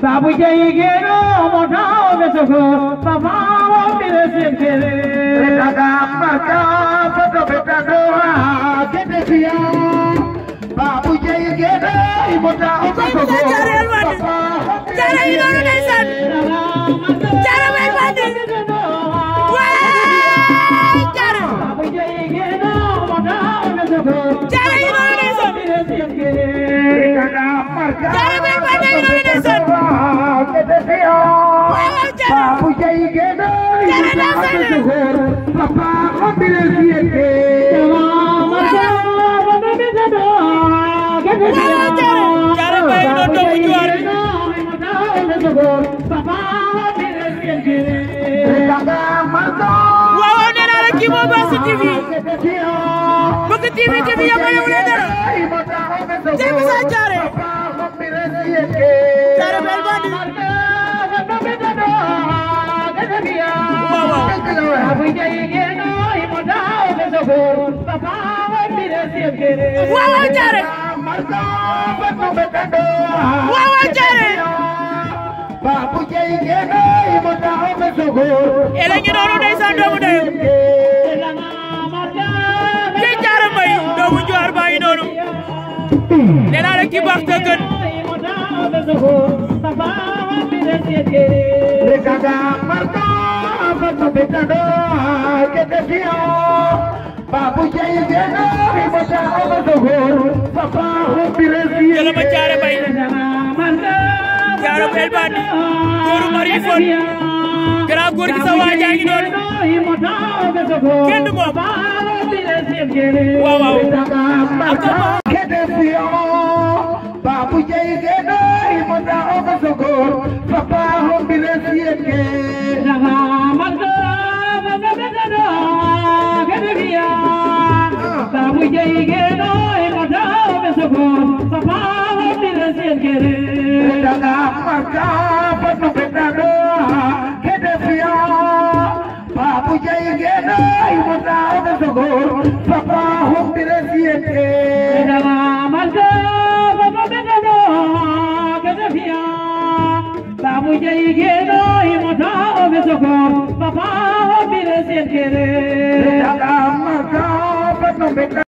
Sabu ya mojado de papá, mi descendiente. decía. Babu ya y mojado de papá, mi me Babu jai gede, muda ada zuhur, papa ambil siete. Wow, ada ada kibo basi TV. Bukan TV TV yang mana mana ada. Jangan saja. waaw waaw jaare waaw waaw jaare ele ngi noonu ndeysaan doomu ndeyam ci jaare may doomu joor baa ngi noonu nee naa la ki baax ka gën le gaga marka xottu bi tanoo ke desiyoo baabu jayi geenoo bi mu taa omo sogoor papaaxu bi resiyee yalla ma jaare bay jaaro bel baat góoru mari fon gara góor gi sa waajaa ngi doon kenn du moom waaw waaw ke desiyoo baabu jayi geenoo bi mu taa omo sogoor papaaxu bi resiyee पपा दिले मतिया बाबू चई गिरो मोटा मज़ा बाबू चई गिरो मपा दिले